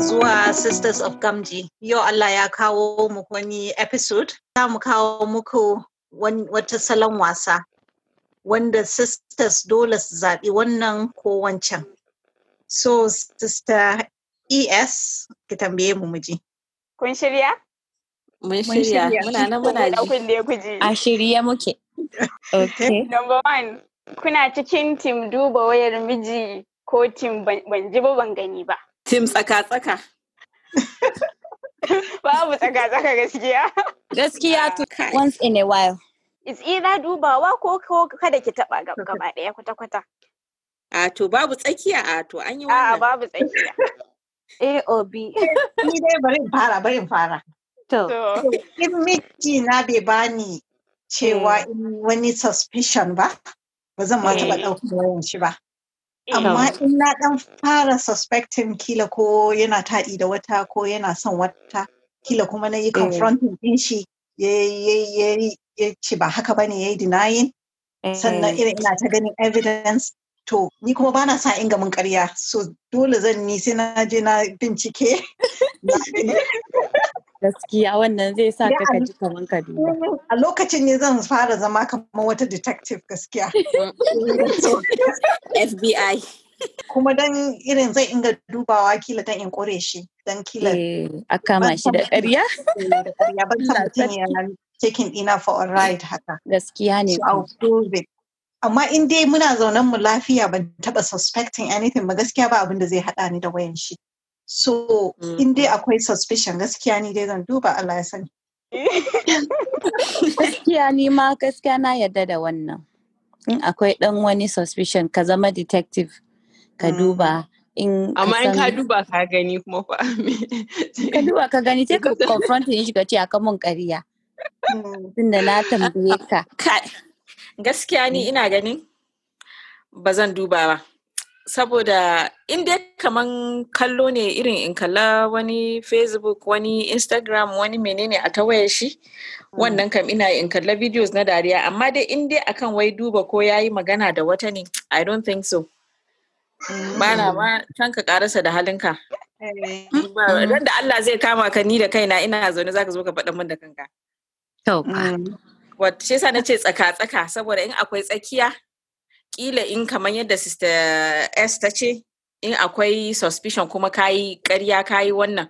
zuwa Sisters of Gamji. Yau Allah ya kawo mu wani episode, za mu kawo muku wata salon wasa wanda sisters dole su zaɓi wannan ko wancan. So, Sister ES, ki tambaye mu muji. Kun shirya? Mun shirya, muna nan muna ji. A shirya muke. Okay. Number one, kuna cikin tim duba wayar miji ko tim ban ji ba ban gani ba. Tim tsaka-tsaka. Babu tsaka-tsaka gaskiya. Gaskiya to ah, once in a while. It's either dubawa ko ko kada ki taba gaba daya kwata-kwata. A ah, to babu tsakiya a ah, to an yi wannan. A babu tsakiya. A or B. Ni dai bari fara bari fara. To. In miji na bai bani cewa hmm. in wani suspicion ba, ba zan ma taɓa eh. ɗaukar wayan shi ba. amma in na ɗan fara suspecting kila ko yana taɗi da wata ko yana son wata kila kuma na yi eh. confronting din shi ya ce ba haka ne ya yi denying sannan eh. irin ina ta ganin evidence to ni kuma ba na sa inga mun karya so dole zan ni sai na je na bincike Gaskiya wannan zai sa ka kaji kaman ka duba. A lokacin ne zan fara zama kamar wata detective gaskiya. FBI. Kuma dan irin zai inga dubawa kila dan in kore shi dan kila. Eh, a kama shi eh, da ƙarya. ban san mutum ya taken ina for a ride haka. Gaskiya ne. So amma in dai muna zaunen mu lafiya ban taba suspecting anything ba gaskiya ba abin da zai haɗa ni da wayan shi So, mm. in dai akwai suspicion gaskiya ni dai zan duba Allah ya sani. Gaskiya ni ma gaskiya na yarda da wannan. In akwai dan wani suspicion ka zama detective ka mm. duba. In Amma in ka duba ka gani kuma fa. Ka duba ka gani sai ka confront shi ka ce aka mun ƙarya. Tunda na tambaye ka. Gaskiya ni ina ganin ba zan duba ba. saboda in dai kaman kallo ne irin in kalla wani facebook wani instagram wani menene a ta wayar shi mm. wannan kam ina in kalla videos na dariya amma dai in dai akan wai duba ko yayi magana da wata ne i don't think so mm, bana ma can ka karasa da halinka don eh. da Allah zai kama ka ni da kaina ina zaune zaka zo ka faɗa min da kanka to mm. shi yasa nace ce tsaka tsaka saboda in akwai tsakiya kila in kamar yadda sister s ta ce in akwai suspicion kuma kayi karya kayi wannan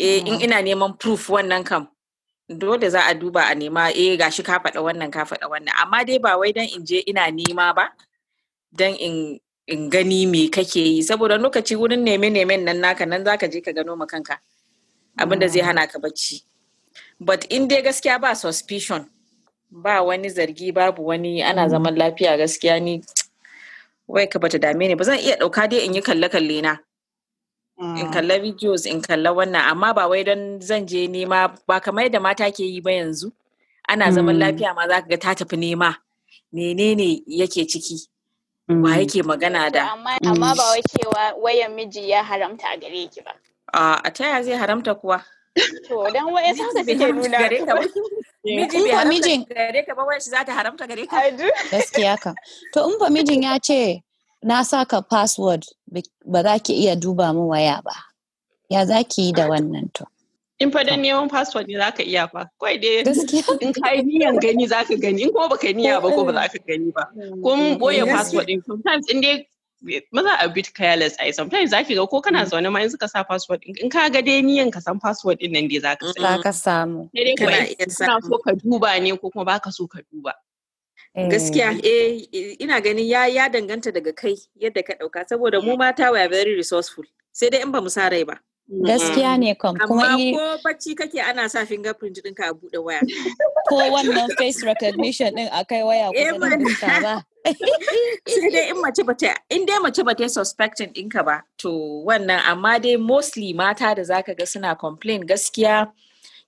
eh in mm. ina neman proof wannan kam dole za a duba a nema eh gashi ka faɗa wannan ka faɗa wannan amma dai ba wai dan in je ina nema ba dan in in gani me kake yi saboda lokaci wurin neme nemen nan naka nan zaka je ka gano ma kanka abinda zai mm. hana ka bacci but in dai gaskiya ba suspicion ba wani zargi babu wani ana mm. zaman lafiya gaskiya ni wai ka bata dame ni ba zan iya ɗauka dai in yi kalle-kalle na in mm. kalla videos in kalla wannan amma ba wai don zan je nema ba kamar yadda mata ke yi ba yanzu ana zaman mm. lafiya ma za ga ta tafi nema menene yake ciki wa yake magana da amma ba wai cewa wayan miji ya haramta a gare ki ba a ta zai haramta kuwa To dan sa ka suke nuna gare ka ba. Miji bai mijin gare ka ba wai shi za ta haramta gare ka. Gaskiya ka. To in ba mijin ya ce na saka password ba za ki iya duba mu waya ba. Ya za ki yi da wannan to. In fa dan neman password ne za ka iya fa. Kawai dai in ka yi niyan gani za ka gani in kuma baka niya ba ko ba za ka gani ba. Mm, ko mun mm, boye mm. password din sometimes in dai maza a bit careless ai sometimes zaki ga ko kana mm. zaune ma in suka sa password in ka ga dai niyan ka san password din nan dai zaka san ka samu kana so ka duba ne ko kuma baka so ka duba gaskiya eh. eh ina ganin ya ya danganta daga kai yadda ka dauka saboda mu mata we are very resourceful sai dai in ba mu sa rai ba gaskiya ne kam kuma ko bacci kake ana sa fingerprint ɗinka a buɗe waya ko wannan face recognition ɗin a kai waya ko eh, ba sai dai in mace bata in dai mace ta suspecting ɗinka ba to wannan amma dai mostly mata da zaka ga suna complain gaskiya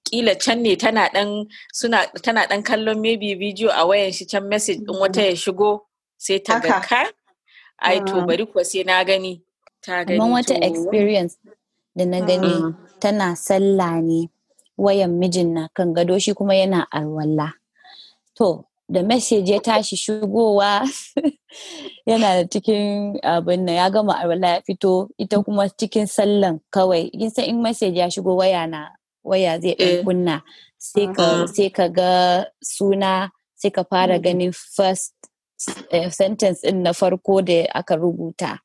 kila can ne tana dan suna tana dan kallon maybe video a wayan shi can message din wata ya shigo sai ta ga ka ai to hmm. bari kuwa sai na gani ta gani amma wata experience da na gani hmm. tana sallah ne wayan mijin na kan gado shi kuma yana alwala to da message ya tashi shigowa yana da cikin abin nan ya gama a ya fito ita kuma cikin sallan kawai in san in message ya shigo waya na waya zai ɗan eh. kunna sai ka ga suna sai ka fara mm. ganin first eh, sentence din na farko da aka rubuta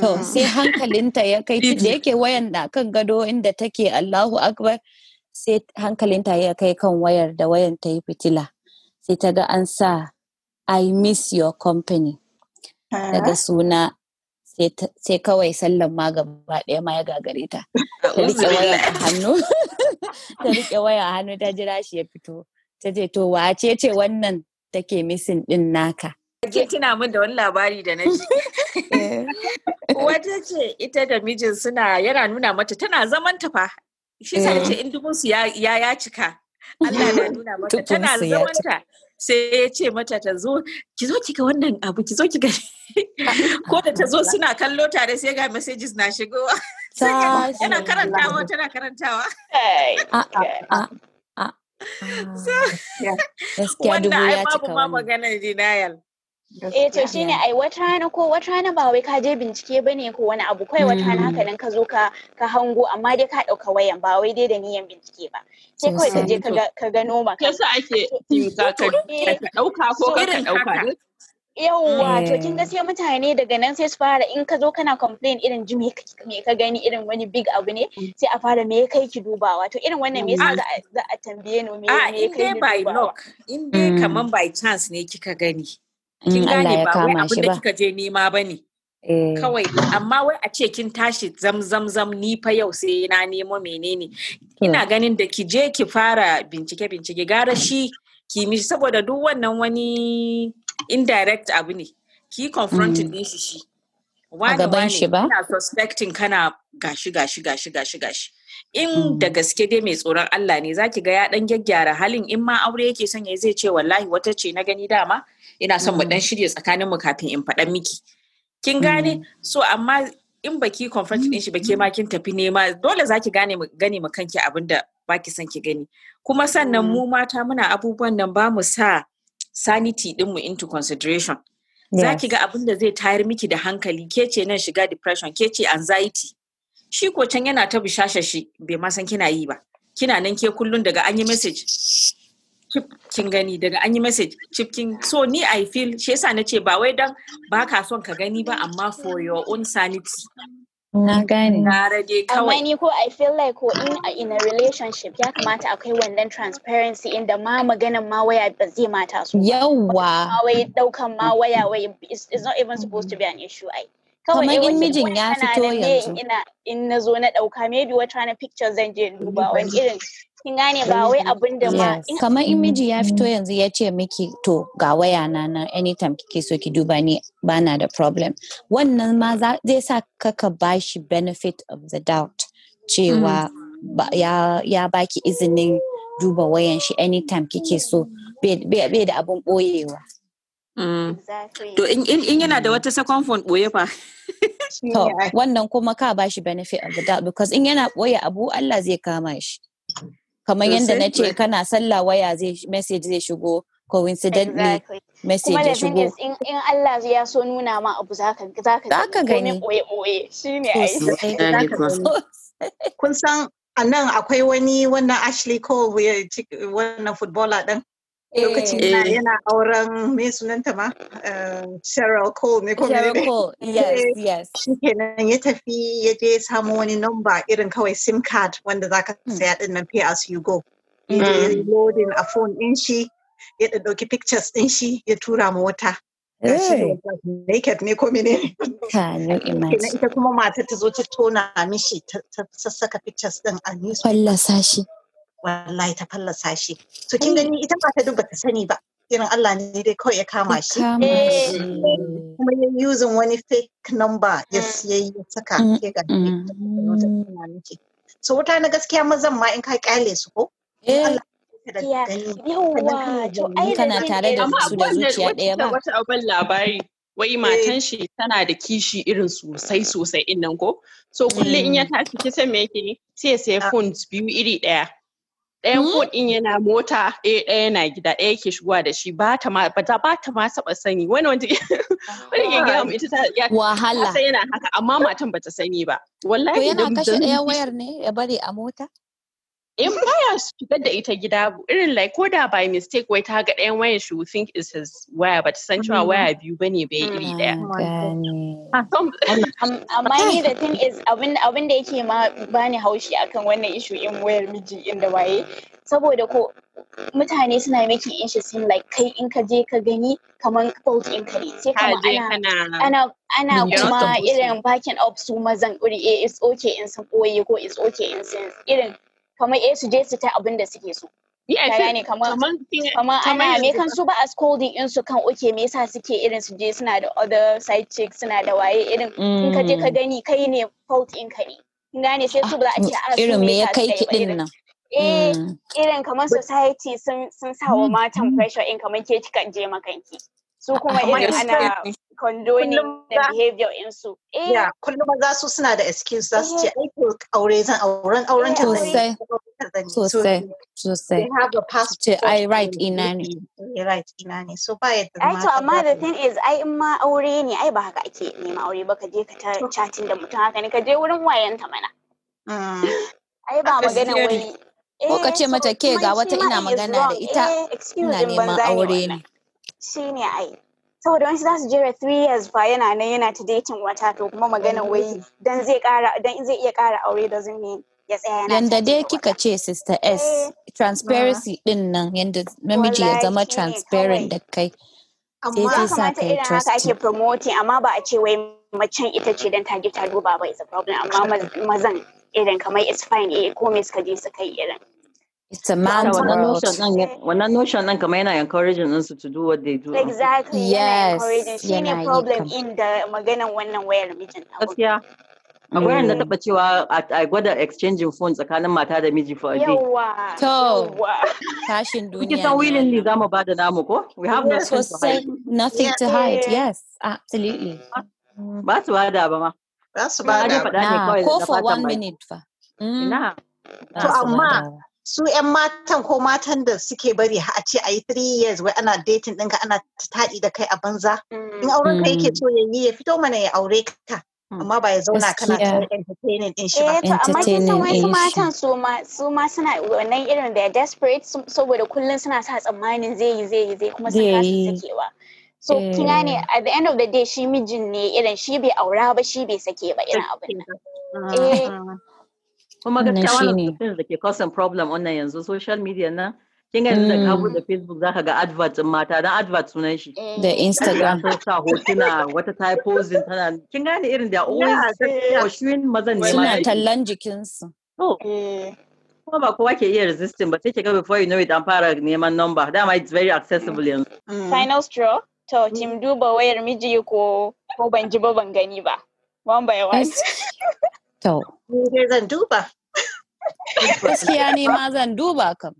to mm. sai hankalinta ya kai da yake wayan na kan gado inda take Allahu akbar sai hankalinta ya kai kan wayar da wayan ta yi fitila sai ta ga an sa I miss your company daga suna sai kawai sallan ma gaba ɗaya ma ya gagare ta ta riƙe waya a hannu ta jira shi ya fito ta ce to wace ce wannan take misin ɗin naka Ake tuna min da wani labari da na ji eh. wata ce ita da mijin suna yana nuna mata tana zaman ta fa shi sa ce eh. in dubu su ya ya cika Allah na nuna mata tana zamanta sai ya ce mata ta zo ki zo kika wannan abu ki zo kika ko da ta zo suna kallo tare sai ga messages na shigowa yana karantawa tana karantawa gaskiya dubu ya wannan ai babu ma magana denial eh to shine ai wata rana ko wata rana ba wai ka je bincike bane ko wani abu kai wata rana haka mm. nan ka zo ka ka hango amma dai ka dauka wayan ba wai dai da niyan bincike ba sai kawai ka je ka gano ma Ka sa ake ka dauka eh. ko ka dauka yauwa to kin ga eh. sai mutane daga nan sai su fara in ka zo kana complain irin ji me ka gani irin wani big abu ne mm. sai a fara me kai ki dubawa to irin wannan me yasa mm. za a tambaye ni me ah, kai ni dubawa in dai by knock in dai kaman by chance ne kika gani kin gane ba wai abin da kika je nema ba ne eh. kawai amma wai a ce kin tashi zam ni fa yau sai na nemo menene ina ganin da ki je ki fara bincike bincike gara shi ki mishi saboda duk wannan wani indirect abu ne ki confronting mm. din shi shi wani wani ina suspecting kana gashi gashi gashi gashi gashi in da mm. gaske dai mai tsoron Allah ne zaki ga ya dan gyaggyara halin in ma aure yake son ya zai ce wallahi wata ce na gani dama ina son mu dan mm. shirya tsakanin mu kafin in faɗa miki kin mm. gane so amma in baki confront din shi ba ke ma kin tafi ne ma. dole zaki gane gane mu kanki abinda baki son ki gani kuma sannan mm. mu mata muna abubuwan nan ba mu sa sanity din mu into consideration za ki ga abin da zai tayar miki da hankali ke ce nan shiga depression ke ce anxiety shi ko can yana ta bishasha shi bai ma san kina yi ba kina nan ke kullun daga an yi message cip kin gani daga an yi message cip kin so ni i feel shi yasa na ce ba wai dan ba ka son ka gani ba amma for your own sanity na gani kawai amma ni ko i feel like ko in in a relationship ya kamata akwai wannan transparency inda ma ma waya ba zai mata yawa ma wai daukan ma waya wai is not even supposed to be an issue I. kamar in mijin ya fito yanzu ina in na zo na dauka maybe trying to picture zan je duba wani irin kin gane ba wai abin da ma kamar in miji ya fito yanzu ya ce miki to ga waya na na anytime kike so ki duba ni bana da problem wannan ma zai sa kaka bashi benefit of the doubt cewa mm-hmm. ya baki izinin duba wayan shi anytime kike so bai da abin boyewa mm. To in yana da wata second phone boye fa. To wannan kuma ka bashi benefit of the doubt because in yana boye abu Allah zai kama shi. kamar yadda na ce kana sallah waya zai message zai shigo coincidentally message ya shigo in, in Allah ya so nuna ma abu zaka zaka zaka gani oye oye shine ai kun san anan akwai wani wannan Ashley Cole wannan footballer din lokacin eh. na yana auren me sunanta ma eh, Cheryl Cole ne ko Cheryl Cole eh, yes yes shikenan ya tafi ya je samu wani number irin kawai sim card wanda zaka hmm. saya din nan pay as you go ya je hmm. loading a phone din shi ya dauki pictures din shi ya tura ma wata naked ne ko mene ne ita kuma mata ta zo ta tona mishi ta sassaka pictures din a newspaper wallahi ta fallasa shi so kin eh. gani ita ba ta duba ta sani ba irin Allah ne dai kawai ya kama eh. shi kuma ya yuzin wani fake number ya mm. siya ya saka mm, ke ga mm. so wata na gaskiya mazan ma in ka kyale su ko eh. kana tare da su da zuciya ɗaya ba. wai matan shi tana da kishi irin sosai sosai in ko. So kullum in ya tashi kisan me yake sai sai ah. phones biyu iri ɗaya. ɗayan hmm? food ɗin yana mota eh, ɗaya ɗaya na gida ɗaya ke shigowa da shi ba ta ma ba ta ma saba sani wani wanda wani ke gaya ita ta ya wahala yana haka amma matan ba ta sani ba wallahi to yana kashe ɗaya wayar ne ya bari a mota in baya shigar da ita gida in like what da by mistake we target, and when she would think is his waya but central san you when you bane bai iri ɗaya mm-hmm. ah, amma the thing is came da yake how she can when they issue in wayar miji inda waye saboda ko mutane suna making interesting like kai in ka je ka gani kaman fault in ka ne sai kama ana ana kuma irin backing up su mazan iri eh, it's okay in sun koye ko it's okay in sense, irin kamar eh su je su ta abin da suke so ka gane kamar kamar ana me kan su ba a scolding in su kan oke me yasa suke irin su je suna da other side chicks suna da waye irin in ka je ka mm. gani kai ne fault in ka ne kin gane sai su ba a ce ah, a irin me ya kai ki din nan eh mm. irin kamar society sun sun sa wa mm. matan pressure in kamar ke kika je makanki su kuma irin ana condoning da behavior su. Eh, kullum maza su suna da excuse za su ce eh. aiki aure zan auren eh, auren ta zai. Sosai, sosai. have a passport. Ai right ina ne. Eh, right ina ne. So ba yadda ma. Ai to amma the thing is ai in ma aure ne ai ba haka ake nema aure ba ka je ka ta chatting da mutum haka ne ka je wurin wayanta mana. Mm. Ai ba magana wai. Ko ka ce mata ke ga wata ina magana da ita ina neman aure ne. shi ne ai saboda wani za su jira 3 years fa yana nan yana ta dating wata to kuma magana wai dan zai kara dan zai iya kara aure da zumi ya tsaya yana yanda dai kika ce sister S eh. transparency din nan yanda namiji ya zama transparent da kai amma kamata irin haka ake promoting amma ba a ce wai macen ita ce dan ta je ta duba ba is a problem amma mazan irin kamar it's fine eh ko suka je suka yi irin It's a man. When I know Shannon Kamena, I encourage them to do what they do. Exactly. Yes. a problem in the Magana when I'm wearing a Yeah. I'm mm. wearing that, but you uh, are. I, I got the exchanging phones. I can't matter the music for You day. So, cash in doing it. We have yeah. no so to hide. nothing yeah, to hide. Nothing to hide. Yes, absolutely. That's what I'm about. That's what I'm about. Call for one minute. Mm. Nah. So, i su 'yan matan ko matan da suke bari a ce a yi three years wai ana dating ɗinka ana taɗi da kai a banza in mm. auren ka yake mm. so ya yi ya fito mana ya aure ka hmm. amma ba ya zauna kana ta entertaining din shi ba. Eh to amma kin san wasu matan su ma su ma suna wannan irin da desperate saboda kullun suna sa tsammanin zai yi zai yi zai kuma sun kasa sakewa. So kin eh. gane at the end of the day shi mijin ne irin shi bai aura ba shi bai sake ba irin abin nan. Eh ah. kuma gaskiya wannan things da ke causing problem wannan yanzu social media na kin ga da ka mm. bude facebook zaka ga advert din mata dan advert sunan shi eh. da instagram ta sa hotuna wata ta posing tana kin gane irin da always showing mazan ne suna tallan su to eh. kuma ba kowa ke iya resisting ba sai ke ga before you know it an fara neman number dama it's very accessible mm. yanzu mm. final straw to kin duba wayar miji ko ko ban ji ba ban gani ba one by one So Dai zan duba. Gaskiya ne ma zan duba kam.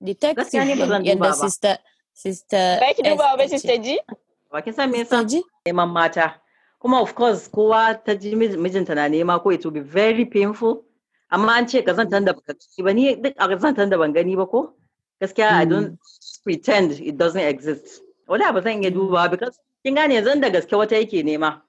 Detective yadda sister sister Ba ki duba ba sister ji? Ba kin san me of course kowa it will be very painful. Amma an ce kazantan da baka ci ba ni duk a kazantan da ban gani ba ko? Gaskiya I don't hmm. pretend it doesn't exist. Wala ba zan iya hmm. duba because kin gane yanzu da gaske wata yake nema.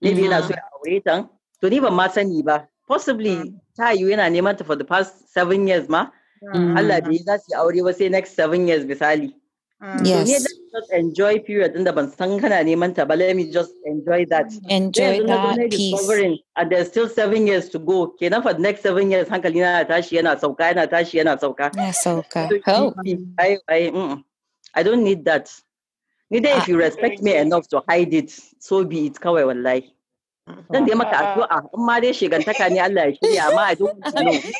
Maybe yana so ya aure ta to ni ban ma sani possibly ah. ta you yana neman ta for the past seven years ma ah. Allah bai za su yi aure ba sai next seven years misali ah. yes so, just enjoy period din the ban san kana neman ta let me just enjoy that mm. enjoy that peace and there's still seven years to go Okay, now for the next seven years hankali na tashi yana sauka yana tashi yana sauka yana Help. I, I, I don't need that Neither dai if you respect me enough to hide it so be it kawai lie dan dai maka addu'a in ma dai shigantaka ne Allah ya shirya amma I don't want to know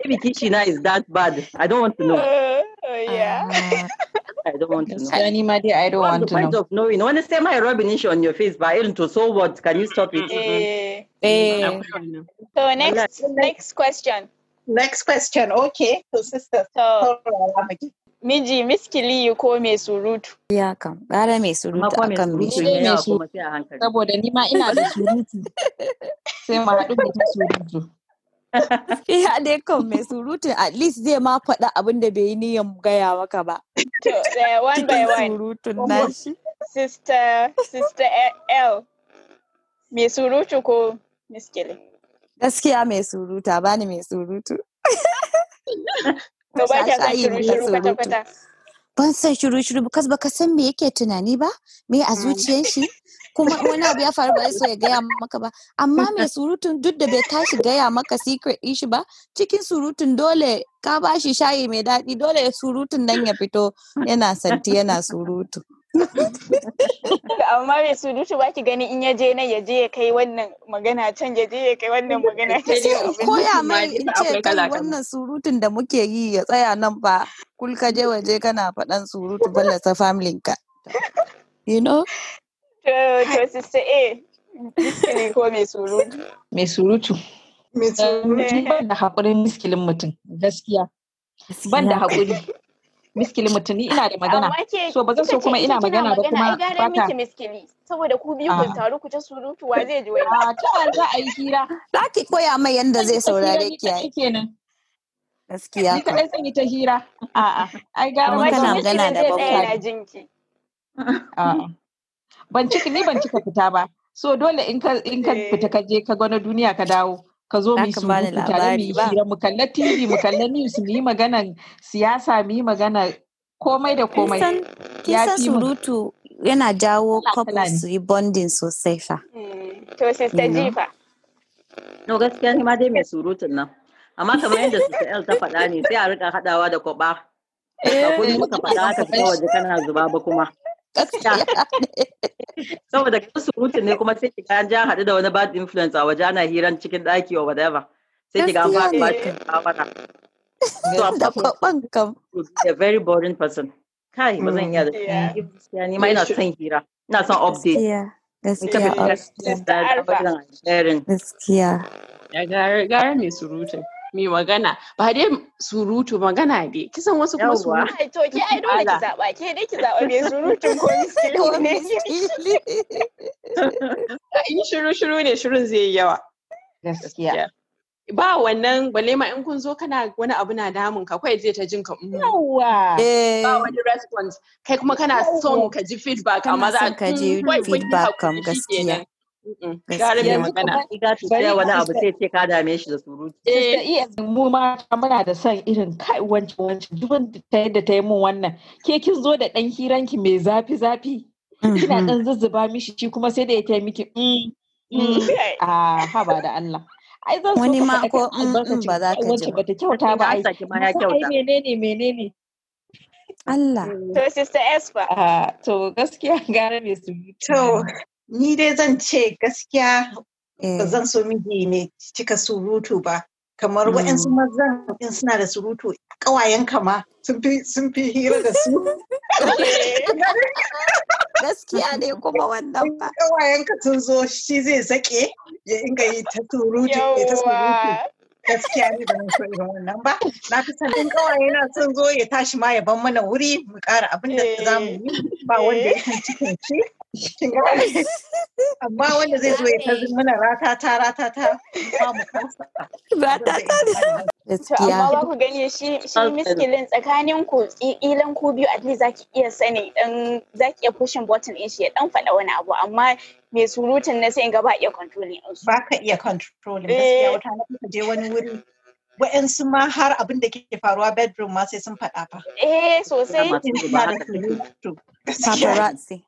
maybe kishina is that bad I don't want to know uh, yeah I don't want to know. Ni ma dai I don't want to know. Point of knowing. want to mai my rubbish on your face But irin to so what can you stop it? Eh. eh. So next next question. Next question. Okay. So sisters. So, miji miskiliyu ko mai surutu. Ya kan, gara mai surutu a kan miji. mai surutu saboda ni ma ina da surutu. Sai ma haɗu da ta surutu. Iya dai kan mai surutu at least zai ma faɗa abin da bai yi niyan gaya maka ba. To, one by one. Surutun nashi. Sister, sister e, L. Mai surutu ko miskili? Gaskiya mai surutu, bani mai surutu. To ba ta shiru-shiru kwata-kwata. Ban san shiru-shiru baka san me yake tunani ba, me a mm. zuciyar shi. kuma wani abu ya faru ba ya gaya maka ba amma mai surutun duk da bai tashi gaya maka secret din shi ba cikin surutun dole ka bashi shayi mai daɗi dole surutun nan ya fito yana santi yana surutu amma bai surutu ba ki gani in ya je nan ya je ya kai wannan magana can ya je ya kai wannan magana ya mai in ce kai wannan surutun da muke yi ya tsaya nan ba kul ka je waje kana faɗan surutu balla ta familin ka you know to to sister a ne ko mai surutu mai surutu mai surutu ban da haƙurin miskilin mutum gaskiya ban da haƙuri miskili mutuni ina da magana so ba zan so kuma ina magana ba kuma ba ta miskili saboda ku biyu kun ah. taru ku ta surutu wa zai ji wani a ah, ta za a yi hira za ki koya mai yanda zai saurare ki ai gaskiya ka dai zan ta hira a a ai ga wani kana magana da babba jinki ban ciki ni ban cika fita ba so dole in ka in ka eh. fita ka je ka na duniya ka dawo ka zo mu su mu yi hira mu kalla TV mu kalla news mu yi magana siyasa mu yi magana komai da komai ya fi surutu yana jawo couples su yi bonding sosai fa eh, to sister jifa no gaskiya ni ma dai mai surutun nan amma kamar yadda su El ta faɗa ne sai a rika haɗawa da kwaba ba eh, kullum ka faɗa ka fita waje kana zuba ba kuma saboda kan surutun ne kuma sai kiga an ja haɗu da wani bad influence a waje ana hiran cikin ɗaki or whatever sai kiga an fara bada da kwaban kam a very boring person kai ba zan iya da shi mm. ni ma ina son hira ina son update gaskiya gaskiya gaskiya gara mai surutun mai magana ba dai surutu magana ne kisan wasu kuma su ai to ke ai dole ki zaba ke dai ki zaba mai surutu ko misili ne in shiru shiru ne shirun zai yi yawa gaskiya ba wannan balle ma in kun zo kana wani abu na damun ka kai zai ta jin ka mm. yawa eh. ba wani response kai kuma kana son ka ji feedback amma za ka ji mm, feedback kam gaskiya Gara mai magana, iga tuciya wani abu sai ce ka dame shi da surutu. Eh, mu ma muna da son irin kai wancan wancan dubin ta yadda ta yi mun wannan. Ke kin zo da ɗan hiranki mai zafi-zafi. Kina mm-hmm. ɗan zuzzuba mishi shi kuma sai da ya taya miki mm, mm. mm-hmm. a ah, haba da Allah. Ai zan so wani ma ko mm, ba za ka ji ba. ta kyauta ba ai. Ai menene menene. Allah. To sister Espa. Ah, to gaskiya gara ne su To ni dai zan ce gaskiya eh. ba zan so miji ne cika surutu ba kamar mm. waɗansu mazan in suna da surutu ƙawayen kama sun fi hira da su gaskiya ne kuma wannan ba ƙawayen ka sun zo shi zai zake ya inga yi ta surutu gaskiya ne da so irin wannan ba na fi sanin kawai yana son zo ya tashi ma ya ban mana wuri mu ƙara abin da za mu yi ba wanda ya san cikin shi amma wanda zai zo ya ta mana ratata ratata ba mu kansa ratata ne amma ba ku gani shi miskilin tsakanin ku ilan ku biyu at least zaki iya sani dan zaki iya pushing button din shi ya dan faɗa wani abu amma mai surutun na sai ga ba iya controlling ɗinsu. Ba ka iya controlling gaskiya eh. wata je wani wuri wa'yansu ma har abin da ke faruwa bedroom ma sai sun faɗa fa. Eh sosai. Paparazzi.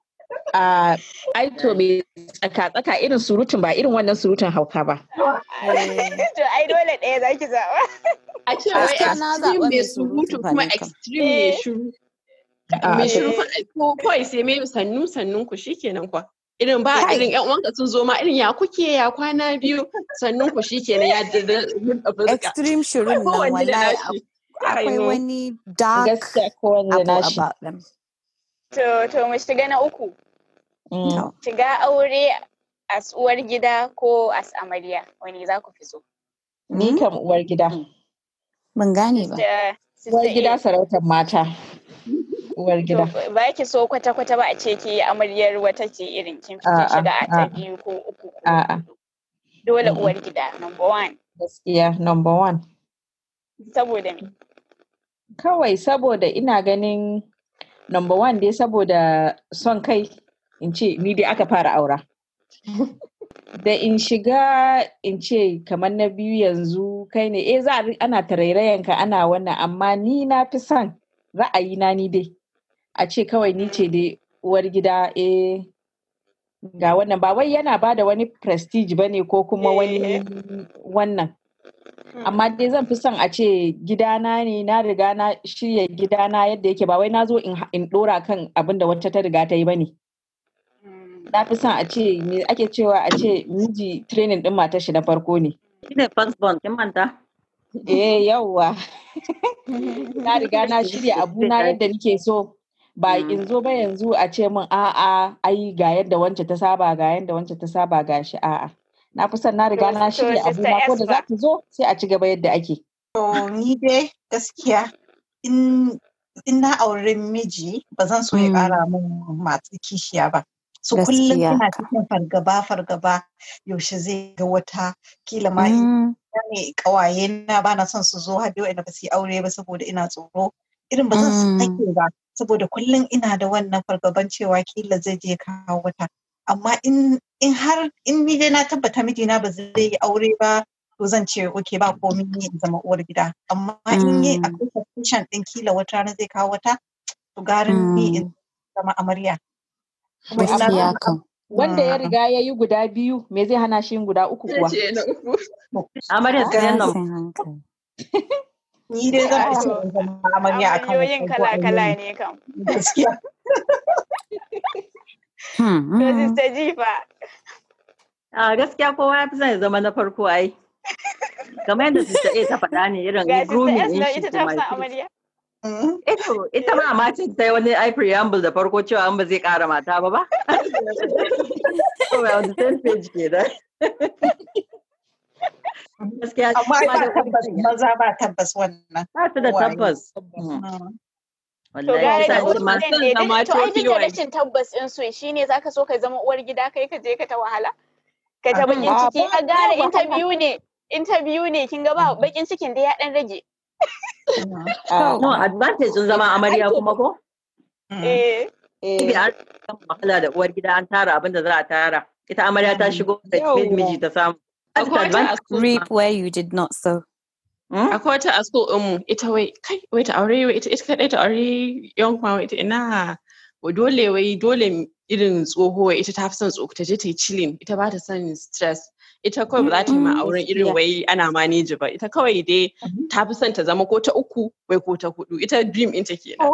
Ah, ai to me tsaka tsaka irin surutun ba irin wannan surutun hauka ba. To ai dole ɗaya za ki zaɓa. A ce wai extreme mai surutu kuma extreme mai eh. shuru. Ah, mai shuru kawai sai mai sannu sannun ku shikenan kwa. irin ba a irin yan uwanka sun zo ma irin ya kuke ya kwana biyu sannan ku shikenan ya extreme shirin na wani akwai wani dark abu about them to to mu shiga na uku mm. shiga aure as uwar gida ko as amarya wani za ku fi so ni hmm? kam uwar gida ban gane ba uwar gida sarautar mata uwar gida. Ba ki so kwata-kwata ba a ce ki amaryar wata ce irin kin fice shiga a ta biyu ko uku. A'a. Dole uwar gida number one. Gaskiya number one. Saboda me? Kawai saboda ina ganin number one dai saboda son kai in ce ni dai aka fara aura. da in shiga in ce kamar na biyu yanzu kai ne eh za ana tarairayanka ana wannan amma ni na fi son na ni dai a ce kawai ni ce dai uwar gida eh ga wannan ba wai yana ba da wani prestige ba ne ko kuma wani eh. wannan hmm. amma dai zan fi son a ce gidana ne na riga na shirya gidana yadda yake ba wai na zo in dora kan abin da wata ta riga ta yi ba ne hmm. na fi son a ce me ake cewa a ce miji training din matar shi na farko ne shine first born kin manta eh yawwa na riga na shirya abuna yadda nake so ba mm. in zo ba yanzu a ce min a'a ai ga yadda wance ta saba ga yadda wance ta saba ga shi a'a na fi na riga na shirya abu na ko da za ta zo sai a ci gaba yadda ake to ni dai gaskiya in na auri miji ba zan so ya kara mm. min matsi kishiya ba su kullum suna cikin fargaba fargaba yaushe zai ga wata kila ma mm. ne kawaye na ba son su zo hadi ina ba su yi aure ba saboda ina tsoro irin ba zan su take ba saboda kullum ina da wannan fargaban cewa kila zai je kawo wata amma in har in ni dai na tabbata mijina ba zai yi aure ba to zan ce oke ba komai ne in zama uwar gida amma in yi mm. a confusion din kila wata rana zai kawo wata to garin ni in mm. zama amarya wanda ya riga ya yi guda biyu me zai hana shi yin guda uku kuwa amarya nan ni dai zan fi son zama amarya a kan wajen kala-kala ne kam gaskiya to hmm, hmm. sister jifa a gaskiya kowa ya fi son zama na farko ai kamar yadda sister A ta faɗa ne irin grooming ne shi ta amarya hmm? Eto, eh ita ma ma ta yi wani ai preamble da farko cewa an ba zai ƙara mata ba ba. So, on the same page ke da. Gaskiya amma ba tabbas maza ba tabbas wannan. Ba su da tabbas. Mm. Mm. Wallahi sa masu zama to ai duka rashin tabbas din su shine zaka so ka zama uwar gida kai ka je ka ta wahala. Ka ta bakin ciki Ka gara interview ne interview ne kin ga ba mm. bakin cikin da ya dan rage. No advantage sun zama amarya kuma ko? Eh. Eh. An wahala da uwar gida an tara abin da za a tara. Ita amarya ta shigo da miji ta samu. akwai wata reap where you did not sow hmm? akwai wata a school ɗinmu ita wai kai wai ta aure wai ita ita kadai ta aure yan kuma ita ina dole wai dole irin tsoho wai, ita ta fi son tsoho ta je ta yi chilling ita ba ta son stress ita kawai ba za ta yi ma auren irin wai ana manage ba ita kawai dai mm-hmm. ta fi son ta zama ko ta uku wai ko ta hudu ita dream in ta kenan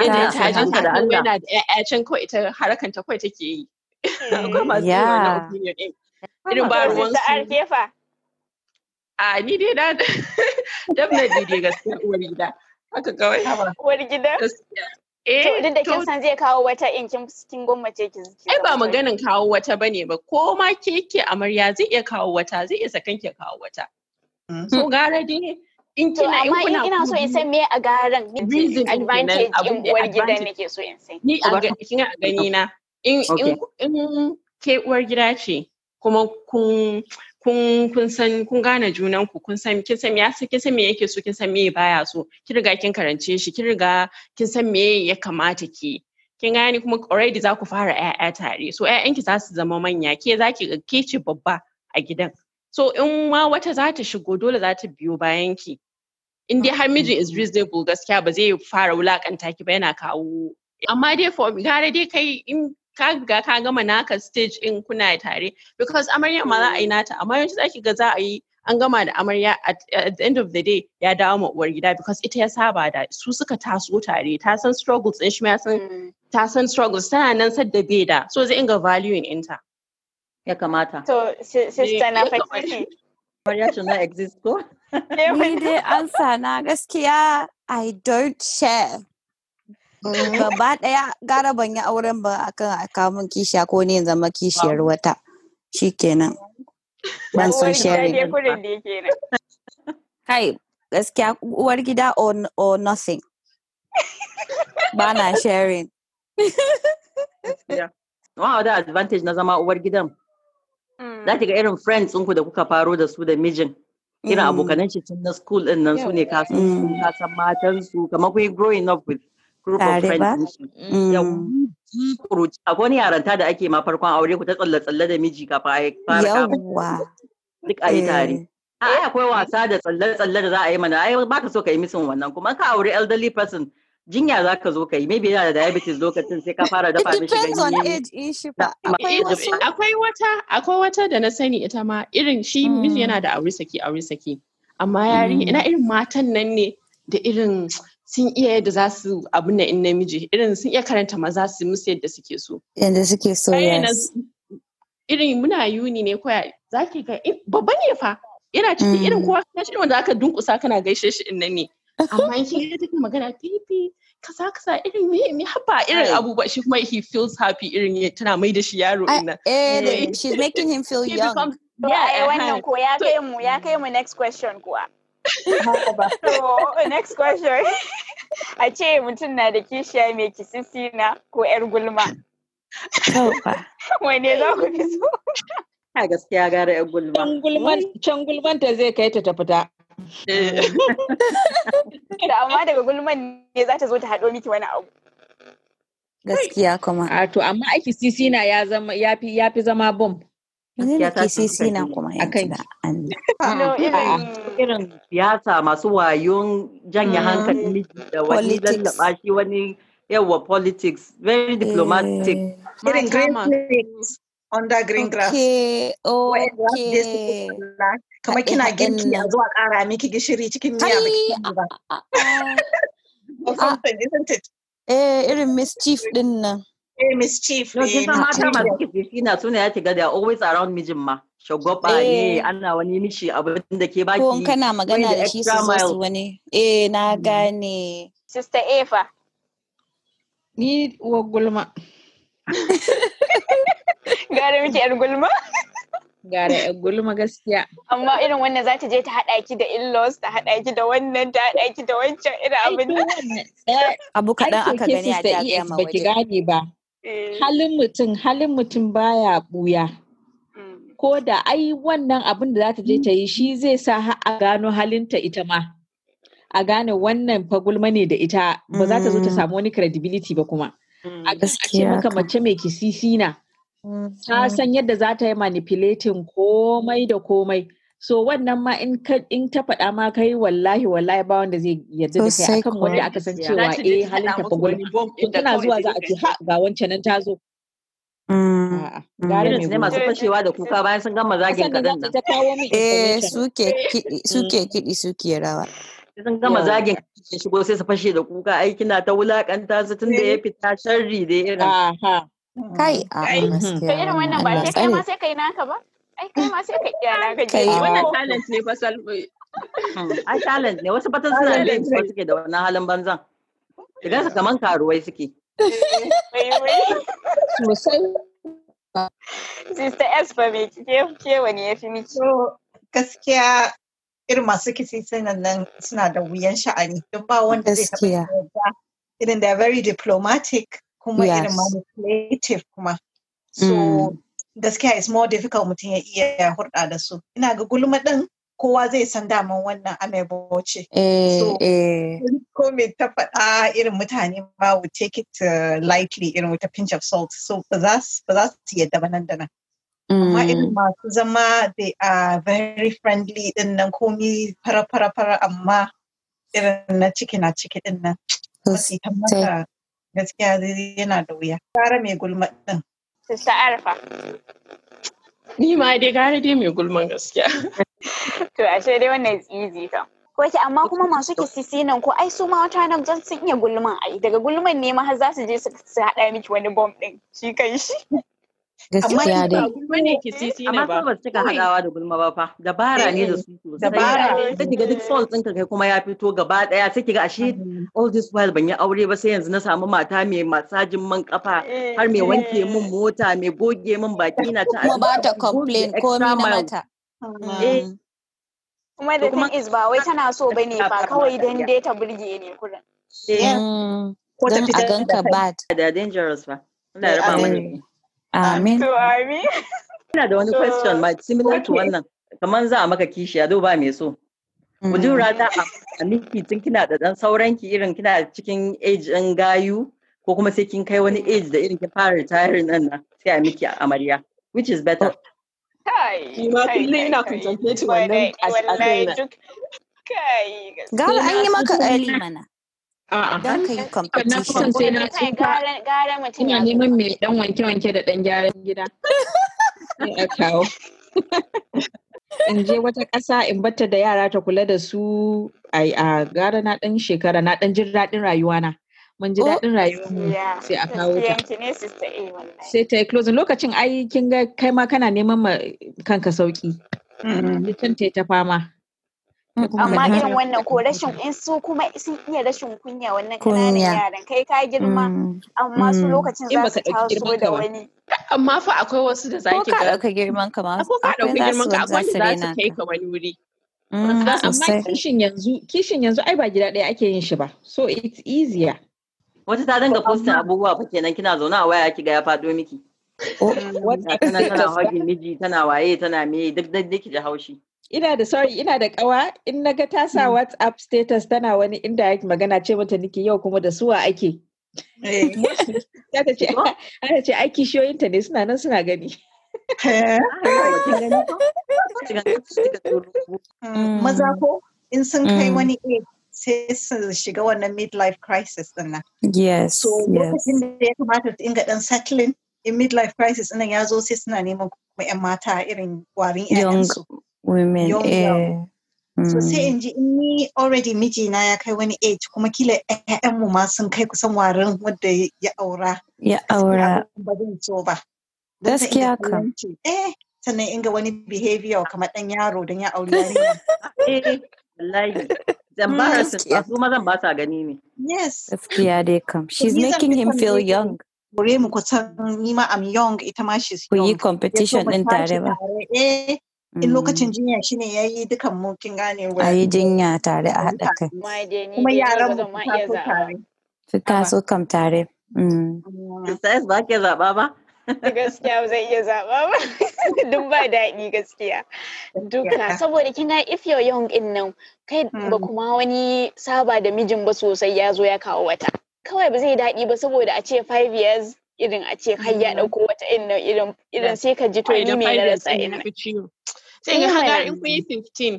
yadda ta ji ta da Allah yana da ƴaƴa kawai ita harakan ta kawai take yi akwai masu yi wannan opinion din irin ba ruwan su a ni dai na definitely dai gaskiya uwar gida haka kawai uwar gida Eh, duk da kin san zai kawo wata in kin kin gwammace ki Ai ba maganin kawo wata bane ba ko ma ke keke amarya zai iya kawo wata zai iya sakan ki kawo wata. Mm-hmm. So gara dai in kina in kuna amma ina so in san me a garan reason advantage in uwar gida nake so in san. Ni a gani na in in ke uwar gida ce kuma kun kun kun san kun gane junan ku kun san kin san ya kin san me yake so kin san me baya so kin riga kin karance shi kin riga kin san me ya kamata ki kin gane kuma already za ku fara ƴaƴa tare so ki za su zama manya ke zaki ke ce babba a gidan so in ma wata za ta shigo dole za ta biyo bayan ki in dai har mijin is reasonable gaskiya ba zai fara wulakanta ki ba yana kawo amma dai for gara dai kai in ka ga ka gama naka stage in kuna tare because amarya ma za a yi nata amma yanzu zaki ga za a yi an gama da amarya at, at the end of the day ya dawo ma uwar gida because ita ya saba da su suka taso tare ta san struggles din shi ma san mm. ta san struggles tana nan sadda bai da so zai inga value in inta ya kamata to sister na fakiri amarya tuna exist ko ni dai ansa na gaskiya i don't share Mm-hmm. Gaba ɗaya gara ban yi auren ba a a kawo min kishiya ko ne zama kishiyar wata. Shi kenan. Ban son sharing. Kai, gaskiya uwar gida or nothing. Ba na sharing. One other advantage na zama uwar gidan. Za ta ga mm. irin friends ɗinku da kuka faro da su da mijin. Irin mm. abokanan shi na school ɗin nan su ne kasan mm. matansu kamar kuyi growing up with group of friends kuruci mm. a wani yaranta da ake ma farkon aure ku ta tsalle-tsalle da miji kafa. a fara yawwa duk a yi eh. tare a akwai wasa da tsalle-tsalle da za a yi mana ai ba ka so ka yi misin wannan kuma ka aure elderly person jinya za ka zo ka yi maybe yana da diabetes lokacin sai ka fara dafa mishi ganye It depends on age, eh, akwai wata akwai wata da na sani ita ma irin shi mm. miji yana da aure saki aure saki amma yari ina mm. irin matan nan ne da irin sun iya yadda za su abu na in namiji irin sun iya karanta maza su musu yadda suke so yadda suke so yes irin muna yuni ne koya za ki ga babba ne fa yana cikin irin mm. kowa kuma shi wanda aka dunkusa kana gaishe shi in ne amma in kin ga take magana pipi kasa kasa irin me me haba irin abubuwa shi kuma he feels happy irin tana mai da shi yaro ina eh, eh she's making him feel young yeah wannan uh-huh. ko ya kai mu ya kai mu next question kuwa so next question a ce mutum na da kishiya mai kisisi na ko yar gulma wane za ku fi so a gaskiya gara yar gulma can gulman ta zai kai ta ta fita eh. da amma daga gulman ne za ta zo ta haɗo miki wani abu gaskiya kuma a to amma aiki sisi na ya ya fi zama bom gaskiya ta sisi na kuma yanzu da Allah ah, irin siyasa masu wayon janye mm. hankali. miji da wani lallaba shi wani yawa politics very diplomatic eh. irin green plates under green grass okay kamar kina girki yanzu a kara miki gishiri cikin miya ba ah. eh irin mischief din nan Eh, mischief. No, this is kin san mata masu kififi na I ya kiga da always around me, mijin ma. Shagwaba ne eh. ana wani mishi abin da ke baki. Ko kana magana da shi su wani. Eh, na mm. gane. Sister Eva. Ni wa gulma. Gare miki yar gulma? Gare yar gulma gaskiya. Amma irin wannan za ta je ta haɗa ki da in ta haɗa ki da wannan, ta haɗa ki da wancan irin abin. Eh, Abu kaɗan aka gani a jami'a e ma waje. Ba ki gane ba. Eh. halin mutum halin mutum baya buya mm. ko da ai wannan abin da za ta je ta yi shi zai sa a gano halinta ita ma a gane wannan fagulma ne da ita ba za ta zo ta mm. samu wani credibility ba kuma a ce mm. maka mace mai kisisi na ta san yadda za ta yi manipulating komai da komai so wannan ma in ka in ta faɗa ma kai wallahi wallahi ba wanda zai yarda da kai akan wanda aka san cewa eh halin ta fa kun tana zuwa za a ce ha ga wancan nan ta zo mm. Garin mm. ne masu fashewa da kuka bayan sun gama zagin kadan nan. Eh suke kiɗi suke mm. kiɗi suke rawa. sun gama zagin kashin shigo sai su fashe da kuka ai kina ta wulakanta su tun da ya eh. fita sharri da irin. Kai a gaskiya. Ka irin wannan ba sai kai ma sai kai naka ba. ai kai ma sai ka kyara ka je wannan talent ne fasal salbi hmm, ai talent ne wasu suna da su suke da wannan halin banzan idan suke sister s fa me kike ke wani ya fi miki gaskiya irin masu kisi sanan nan suna da wuyan sha'ani don ba wanda zai irin da very diplomatic kuma irin manipulative kuma so hmm. gaskiya is more difficult mutum ya iya hurɗa da su ina ga gulma ɗin kowa zai san daman wannan amebo ce. Eh, so, eh. ko me ta faɗa irin mutane ba we take it uh, lightly irin with a pinch of salt. So, ba za su yadda ba nan da nan. Amma irin mm. masu zama they are very friendly din nan komi fara fara fara amma irin na ciki na ciki din nan. Gaskiya yana da wuya. Tsara mai gulma din. Sista Arfa. Ni ma dai gare dai mai gulman gaskiya. To ashe dai wannan tsizi ka. Ko amma kuma masu kisisi nan ko ai su ma wata nan don sun iya gulman ai daga gulman ne ma har za su je su haɗa miki wani bom ɗin shi kai shi. Gaskiya dai. amma ne ki sisi ne ba. Amma ba cika haɗawa da gulma ba fa. Dabara ne da eh, su sosai. Dabara ta kiga duk fault ka kai kuma ya fito gaba ɗaya sai kiga ashe mm-hmm. all this while ban yi aure ba sai yanzu na samu mata mai masajin man kafa eh, har mai wanke eh. min mota mai goge min baki na ta. Kuma ba ta complain ko mina mata. Mm. Kuma da kuma is ba wai tana so ba ne ba kawai dan dai ta burge ne kurin. Mm. Ko ta fitar da ba. Da dangerous ba. Ina raba mani. Amin. To amin. Ina da wani question ma similar to wannan. kamar za a maka kishiya do ba mai so. Would you rather a miki tun kina da dan sauranki irin kina cikin age ɗin gayu ko kuma sai kin kai wani age da irin kin fara retiring nan nan sai a miki amarya which is better. Kai. Ima kullum ina contemplating wannan a kai Gala an yi maka early mana. Don ka yi competition. Na sai gara mutum ya neman mai dan wanke-wanke da dan gyaran gida. Sai a kawo. in je wata ƙasa in batta da yara ta kula da su a gara na ɗan shekara na ɗan jin daɗin rayuwana, mun ji daɗin rayuwa sai a kawo ta sai ta yi closing lokacin ai kin ga kai ma kana neman ma kanka sauki ita ta ta fama amma irin wannan ko rashin in su kuma sun iya rashin kunya wannan kananan yaran kai ka girma mm. amma su mm. lokacin za su taso da wani amma fa akwai wasu da zaki ga ka girman ka ma ko ka dauki girman ka akwai da za su kai ka wani wuri mm, amma kishin yanzu kishin yanzu ai ba gida ɗaya ake yin shi ba so it's easier wata ta dinga posta abubuwa ba kenan kina zaune a waya kiga ya fado miki oh. tana tana hagin miji tana waye tana me duk duk ji haushi ina da sorry ina da kawa in naga ta sa hmm. WhatsApp status tana wani inda yake magana ce mata niki yau kuma da suwa ake. Ya eh. ta ce ana ce aiki ne suna nan suna gani. Hmm. Maza ko in sun kai hmm. wani sai su shiga wannan midlife crisis din nan. Yes. So lokacin da ya kamata su inga dan settling in midlife crisis nan ya zo sai suna neman kuma 'yan mata irin warin 'ya'yansu. women young, eh. young. Mm. so sai in ji in ni already mijina ya kai wani age kuma kila ƴaƴanmu ma sun kai kusan warin wanda ya aura ya aura ba zan so ba gaskiya ka eh sannan inga wani behavior kamar dan yaro dan ya aure yarinya eh wallahi zan ba mm, su kuma zan ba ta gani ne yes gaskiya dai kam she's making him feel young Kure mu kusan ni ma am young ita ma she's young. competition din tare ba. Eh, in mm. lokacin jinya shi ne ya yi dukan mu kin gane a yi jinya tare a haɗa kai kuma yaran mu su tare su taso kam tare mm. Size ba ke zaɓa ba? Gaskiya ba zai iya zaɓa ba. Duk ba daɗi gaskiya. Duka saboda kin ga if you're young in nan kai ba mm. kuma wani saba da mijin ba sosai ya zo ya kawo wata. Kawai ba zai daɗi ba saboda a ce five years irin a ce har ya ɗauko wata irin irin sai ka ji to ni mai na rasa ina sai eh, ga haga in kun yi 15 eh,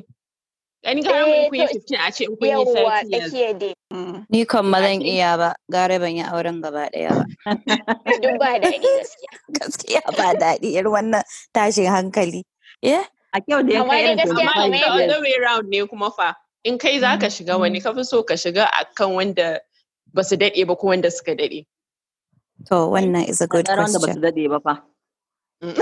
a ce in kun yi 30 mm. ni kan ma zan iya ba gare ban yi auren gaba daya ba duk ba da gaskiya ba daɗi yar wannan tashin hankali eh a kyau da ya kai irin amma way round ne kuma fa in kai za ka mm, shiga mm. wani ka so ka shiga kan wanda ba su daɗe ba ko wanda suka daɗe to wannan is a good question ba su daɗe ba fa Mm,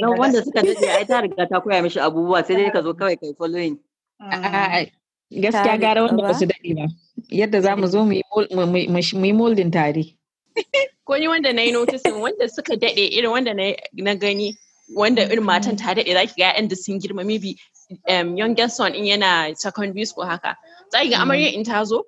Don wanda suka daɗe ai ta riga ta koya mishi abubuwa sai dai ka zo kawai kai following. Mm. Gaskiya gara wanda ba su daɗe ba. Yadda za mu zo mu yi moldin tare. Ko ni wanda na yi notisin wanda suka daɗe irin wanda na gani wanda irin matan ta daɗe za ki ga 'yan da sun girma maybe um, young son in yana secondary school haka za ki ga mm. amaryar in ta zo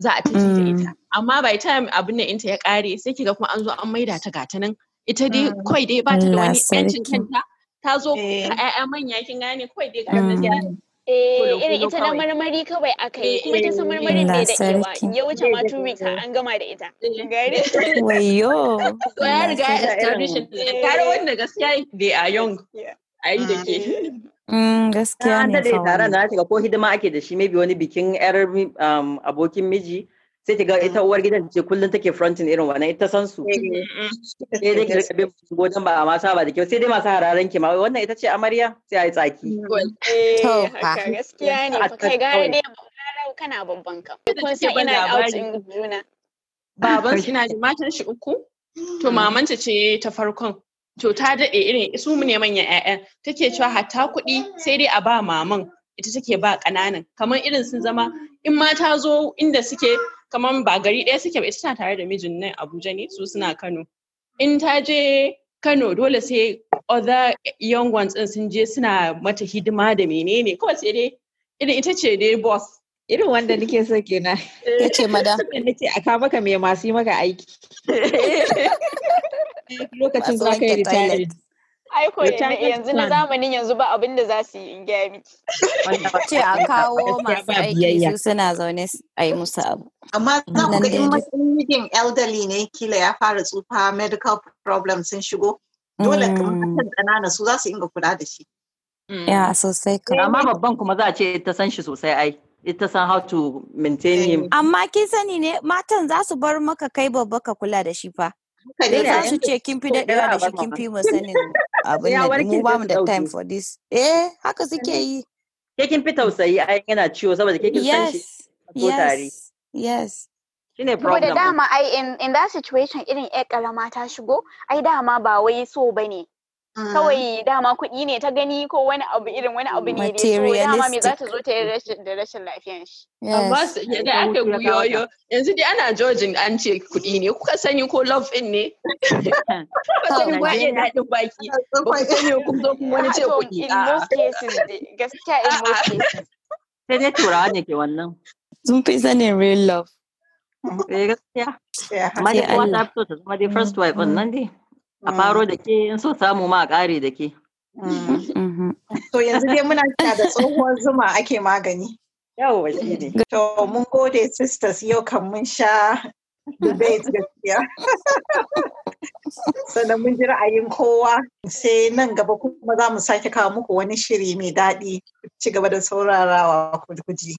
za a tace ta ita amma by time abin da ta ya kare sai ki ga kuma an zo an maida ta gata nan ita dai mm. kawai dai ba ta da wani yancin kanta ta zo eh. ga ƴaƴa manya kin gane kawai dai ga mm. Eh, irin ita na marmari kawai aka yi kuma ta san eh. marmarin da daɗewa ya wuce ma two weeks an gama da ita eh. gari wayo ya riga ya establishing Tare wanda gaskiya they are young a yi da ke mm. gaskiya ne kawai an daɗe tare na shiga ko hidima ake da shi maybe wani bikin yar um, abokin miji sai ki ga ita mm. uwar gidan ce kullum take frontin irin wannan ita san su eh, eh, eh. sai dai ki rika bin godan ba a ma saba da kyau sai dai masu hararen ki ma wannan ita ce amarya sai a yi tsaki mm. to gaskiya ne kai gare dai kana babban ka kun san ina juna baban shi na matan shi uku to mm. mamanta ce ta farkon to ta daɗe irin su mu ne manyan 'ya'yan take cewa hatta kuɗi sai dai a ba maman ita take ba ƙananan kamar irin sun zama in ma ta zo inda suke kamar ba gari ɗaya suke ba ita tana tare da mijin nan Abuja ne su suna Kano in ta je Kano dole sai other young ones din sun je suna mata hidima da menene kawai sai dai irin ita ce dai boss irin wanda nake so kenan eh. ta ce madam nake a ka maka mai masu yi maka aiki lokacin za ka yi retired Aiko yanzu na zamanin yanzu ba abin da za su yi in gaya miki. Ce a kawo masu aiki su suna zaune a yi musu abu. Amma za ku ga in yin elderly ne kila ya fara tsufa medical problems sun shigo. Dole kamar mm. ƙanana su za su inga kula da shi. Mm. Ya sosai kuma. Amma babban kuma za a ce ta san shi sosai ai. Ita san how to maintain him. Eh. Amma kin sani ne matan za su bar maka kai babba ka kula da shi fa. Dai za su ce kin fi daɗewa da shi kin fi mu abin da mu ba mu da time for this eh haka suke yi ke kin fi tausayi ai yana ciwo saboda ke kin san shi ko tari yes shine problem da dama ai in in that situation irin ƴar karama ta shigo ai dama ba wai so bane kawai mm. dama kuɗi ne ta gani ko wani abu irin wani abu ne dai dama me za ta zo ta yi da rashin lafiyan shi. Amma da aka guyoyo yanzu dai ana jojin an ce kuɗi ne kuka sani ko love in ne. Kuka sani ba iya daɗin baki. Kuka sani ko zo kuma wani ce kuɗi. In most cases gaskiya in most cases. Sai dai turawa ne ke wannan. Sun fi sanin real love. Eh gaskiya. Amma dai kowa ta fito ta zama dai first wife mm. wannan dai. a faro da ke in so samu ma a ƙare da ke. To yanzu dai muna kira da tsohuwar zuma ake magani. Yau waje ne. To mun gode sisters yau kan mun sha debate gaskiya. Sannan mun ji ra'ayin kowa sai nan gaba kuma za mu sake kawo muku wani shiri mai daɗi ci gaba da saurarawa ku ji.